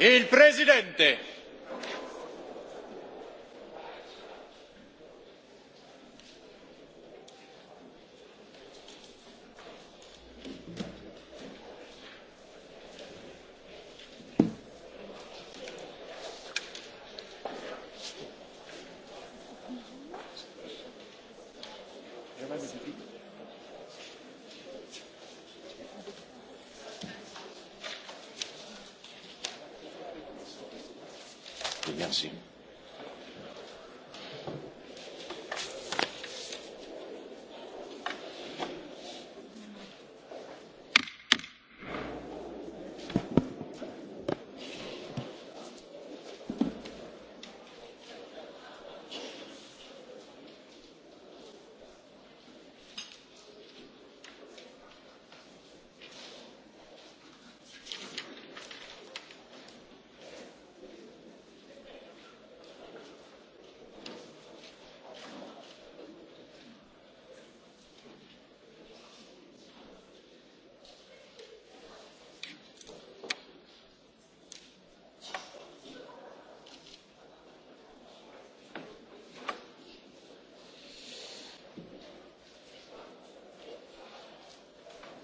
Il Presidente. merci.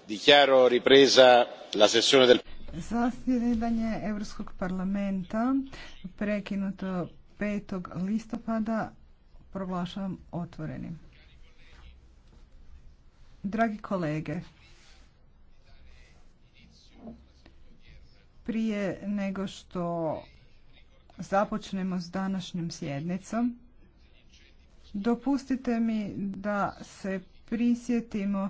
dichiaro Zasjedanje Europskog parlamenta prekinuto 5. listopada proglašavam otvorenim. Dragi kolege, prije nego što započnemo s današnjom sjednicom, dopustite mi da se prisjetimo